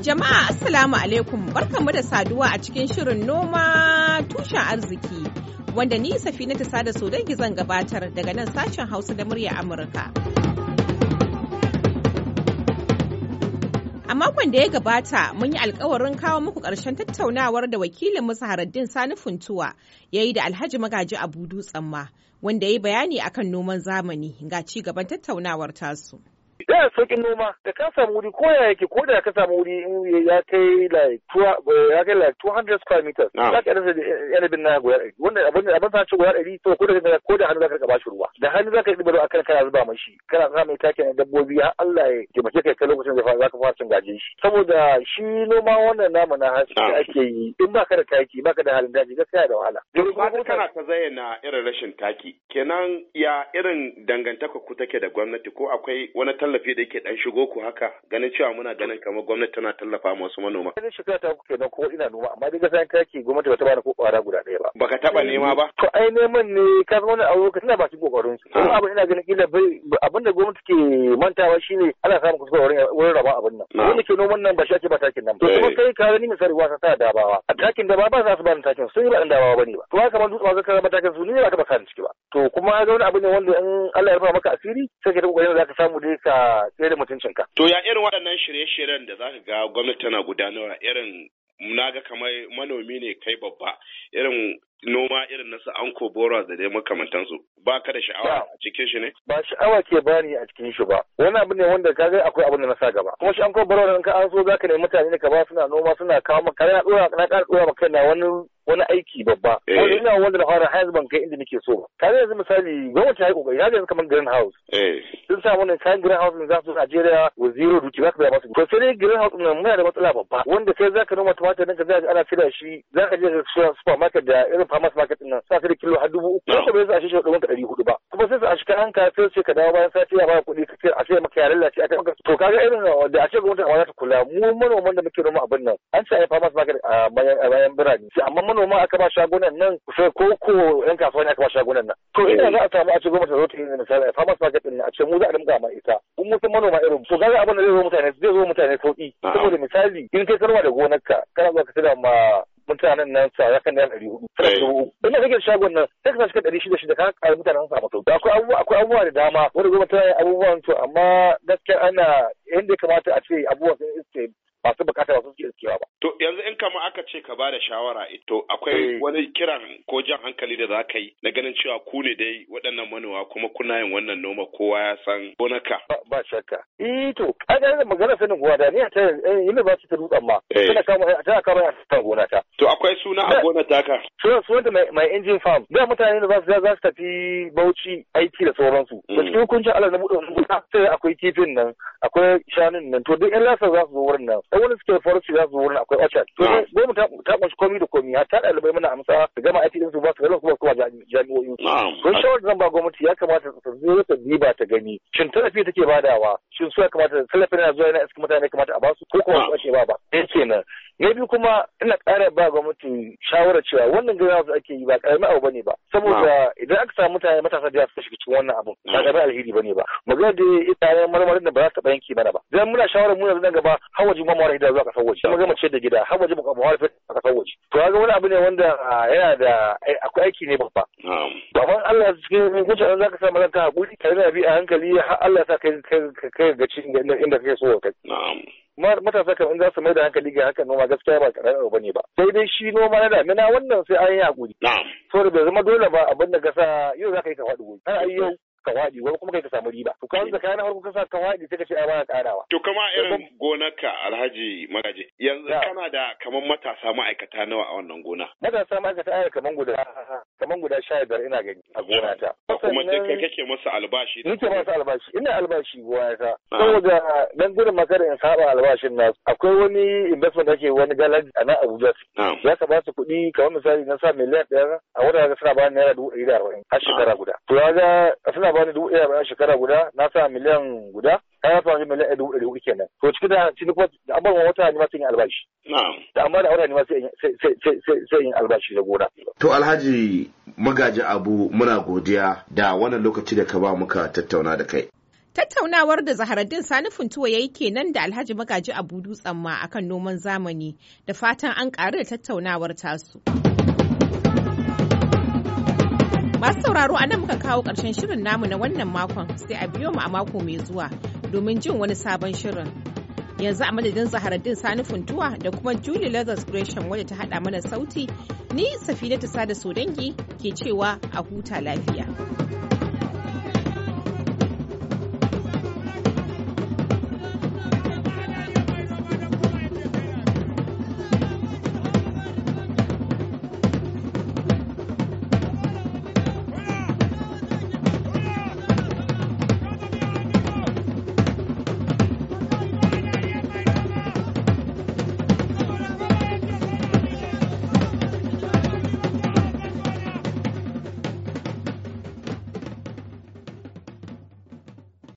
Jama'a Assalamu alaikum barkanmu da saduwa a cikin shirin noma tushen arziki wanda ni safina ta sada so dangi zan gabatar daga nan sashen Hausa da murya Amurka. A makon da ya gabata mun yi alkawarin kawo muku ƙarshen tattaunawar da wakilin musa Haraddin Sani Funtuwa ya yi da Alhaji Magaji Abu Dutsen ma wanda ya yi bayani akan noman zamani ga ci gaban tattaunawar tasu. da ya sauƙin noma da ka samu wuri ko ya yake ko da ka samu wuri in ya kai like ya kai like 200 square meters za ka yana eh, bin na goya ɗari wanda abin da abin sace guda ɗari to ko da ko da hannu za ka rika bashi ruwa da hannu za ka ɗiba ruwa akan kana zuba mashi kana sa mai takin dabbobi har Allah ya taimake ka kai lokacin da za ka fara cin gaje shi saboda shi noma wannan namu na hatsi da ake yi in ba ka da taki ka da halin daji gaskiya da wahala. Yanzu kana ta zayyana irin rashin taki kenan ya irin dangantaka ku take da gwamnati ko akwai wani tallafi da yake dan shigo ku haka ganin cewa muna ganin kamar gwamnati tana tallafa ma wasu manoma. Ina shekara ta ku kenan ko ina noma amma dai gaskiya kake gwamnati ba ta bani ko kwara guda ɗaya ba. Baka taba nema ba? To ai neman ne ka zama wani ah. abu ba shi kokarin su. Kuma abin ina ganin kila bai abin da gwamnati ke mantawa shine ana samun kuskure wurin raba abin nan. Ah. Wani ke noman nan ba shi ake ba takin nan. To kuma eh. kai ka gani misali wasa ta dabawa. A takin da ba ba za su bani takin sun yi ba dan dabawa bane ba. To haka man dutse ba zaka raba takin su ne ba ka ba ciki ba. To kuma ga wani abu ne wanda in Allah ya rufa maka asiri sai ka ga kokarin za ka samu dai ka tsere mutuncinka. To ya irin waɗannan shirye-shiryen da za ka ga gwamnati tana gudanarwa irin na ga kamar manomi ne kai babba irin noma irin na su anko boras da dai makamantansu ba ka da sha'awa a cikin shi ne? Ba sha'awa ke bani a cikin shi ba. Wani abu ne wanda ka ga akwai abin da na sa gaba. Kuma shi anko bora ka an so za ka nemi mutane ka ba suna noma suna kawo maka na ɗora na ƙara dora maka na wani wani aiki babba. Eh. Wani ina wanda da fara hayar ban kai inda nake so ba. Ka yanzu misali gwamnati ta yi kokari ya yanzu kamar green house. Eh. Sun sa wannan kayan green house ne za su Najeriya wa zero duty za ka ba su To sai green house ɗin muna da matsala babba wanda sai za ka noma tumatir ɗin ka za ka ana shi za ka je supermarket da irin farmers market nan sa da kilo har dubu uku ko bai zai shi shi ɗari hudu ba kuma sai su a shiga hanka sai su ka dawo bayan sati ya ba kuɗi ka ce a sai maka ya lafiya a kai to kaga irin da a ce gwamnati za ta kula mu manoman da muke noma abin nan an ce a farmers market a bayan bayan birane sai amma manoma aka ba shagunan nan sai ko ko yan kasuwa ne aka ba shagunan nan to ina za a samu a ce gwamnati zo ta yi misali a farmers market din a ce mu za a dinga ma ita in musu manoma irin to kaga abin da zai zo mutane zai zo mutane sauki saboda misali in kai karwa da gonarka kana zuwa ka sayar ma mutanen nan sa ya kan naira ɗari hudu. Eh. Ina kake shagon nan sai ka shiga ɗari shida shida kan ƙara mutanen sa masu. Akwai abubuwa akwai abubuwa da dama wanda gwamnati yi abubuwan to amma gaskiya ana yadda ya kamata a ce abubuwan sun iske ka ka da shawara ito eh, akwai eh. wani kiran ko jan hankali da za ka yi na ganin cewa ku ne dai waɗannan manowa kuma kuna yin wannan noma kowa ya san gonaka. Ba shakka. Eh to a' ga da magana sanin kowa da ni ta yi ba su ta dutsen ma. Eh. Tana kama tana kama ta gona ta. To akwai suna a gonar taka. Sunan suna da mai injin farm. Da mutane da za su za su tafi Bauchi aiki da sauransu. Da mm. cikin hukuncin Allah na buɗe wani gona sai akwai kifin nan akwai shanun nan to duk 'yan lasa za su zo wurin nan. wani suke forestry za su zo wurin akwai orchard. To ah. gwamnati ta ta kunshi komi da komi ya ta ɗalibai mana amsa su gama aiki din su ba su gani kuma kuma jami'o'in su kun shawarar zan ba gwamnati ya kamata ta zo ta ba ta gani shin tallafi take badawa shin su ya kamata tallafi na zuwa yana iska mutane kamata a ba su? ko kuma su ba ba ɗaya kenan na biyu kuma ba gwamnati shawara cewa wannan gari da ake yi ba karamin abu bane ba saboda idan aka samu mutane matasa da suka shiga cikin wannan abu ba karami alheri bane ba magana da itayen marmarin da ba za ta taɓa yanki mana ba dan muna shawara mu yanzu nan gaba hawaji waje ma mawar gida zuwa kasar waje kuma gama ce da gida hawaji waje ka mawara a ka waje to kaga wani abu ne wanda yana da akwai aiki ne babba ba fa Allah cikin an zaka sa maka ka hakuri kai na bi a hankali har Allah ya sa kai kai ga cikin inda kake so na'am matasa in za su mai da hankali ga hakan noma gaskiya ba karar abu bane ba sai dai shi noma na damina wannan sai an yi hakuri da bai zama dole ba abinda da ka sa yau za ka yi ka faɗi gobe har yau ka waɗi wani kuma kai ka samu riba to kawai zaka na farko ka sa ka waɗi sai ka ce ai ba ƙarawa to kama irin gonarka Alhaji Magaji yanzu kana da kaman matasa ma'aikata nawa a wannan gona matasa ma'aikata ai kaman guda kamar guda sha biyar ina gani a gona ta. Kuma sai kai kake masa albashi. ke masa albashi ina albashi gona ta. Ah. Saboda nan gudun makar in saba albashin na. akwai wani investment ake wani galan a nan Abuja. Ya ka ba su kuɗi kamar misali na sa miliyan ɗaya a wata ga suna bani naira dubu ɗari da arba'in har ah. shekara guda. To ya ga suna bani dubu ɗari arba'in shekara guda na sa miliyan guda ka ya faru miliyan ɗari ɗari uku kenan to cikin da cikin kuma da amma wata ne ma sai yin albashi da amma da wata ne ma sai yin albashi na gona. to alhaji magaji abu muna godiya da wannan lokaci da ka ba muka tattauna da kai. Tattaunawar da Zaharaddin Sani Funtuwa ya yi kenan da Alhaji Magaji Abu Dutsen ma akan noman zamani da fatan an ƙaru da tattaunawar tasu. Masu sauraro a nan muka kawo ƙarshen shirin namu na wannan makon sai a biyo mu a mako mai zuwa domin jin wani sabon shirin. Yanzu a madadin Zaharaddin Sani Funtuwa da kuma Julie Lazarus Gresham wadda ta haɗa mana sauti, ni na ta sada Sodangi ke cewa a huta lafiya.